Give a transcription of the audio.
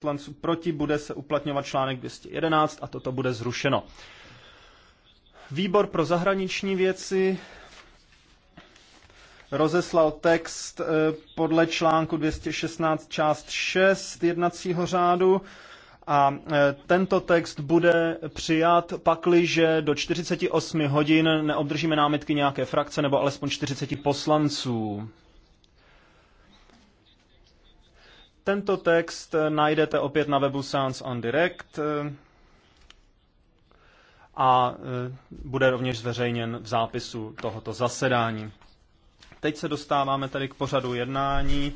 poslanců proti bude se uplatňovat článek 211 a toto bude zrušeno. Výbor pro zahraniční věci rozeslal text eh, podle článku 216 část 6 jednacího řádu a eh, tento text bude přijat pakliže do 48 hodin neobdržíme námitky nějaké frakce nebo alespoň 40 poslanců. Tento text eh, najdete opět na webu Science on Direct eh, a eh, bude rovněž zveřejněn v zápisu tohoto zasedání. Teď se dostáváme tedy k pořadu jednání.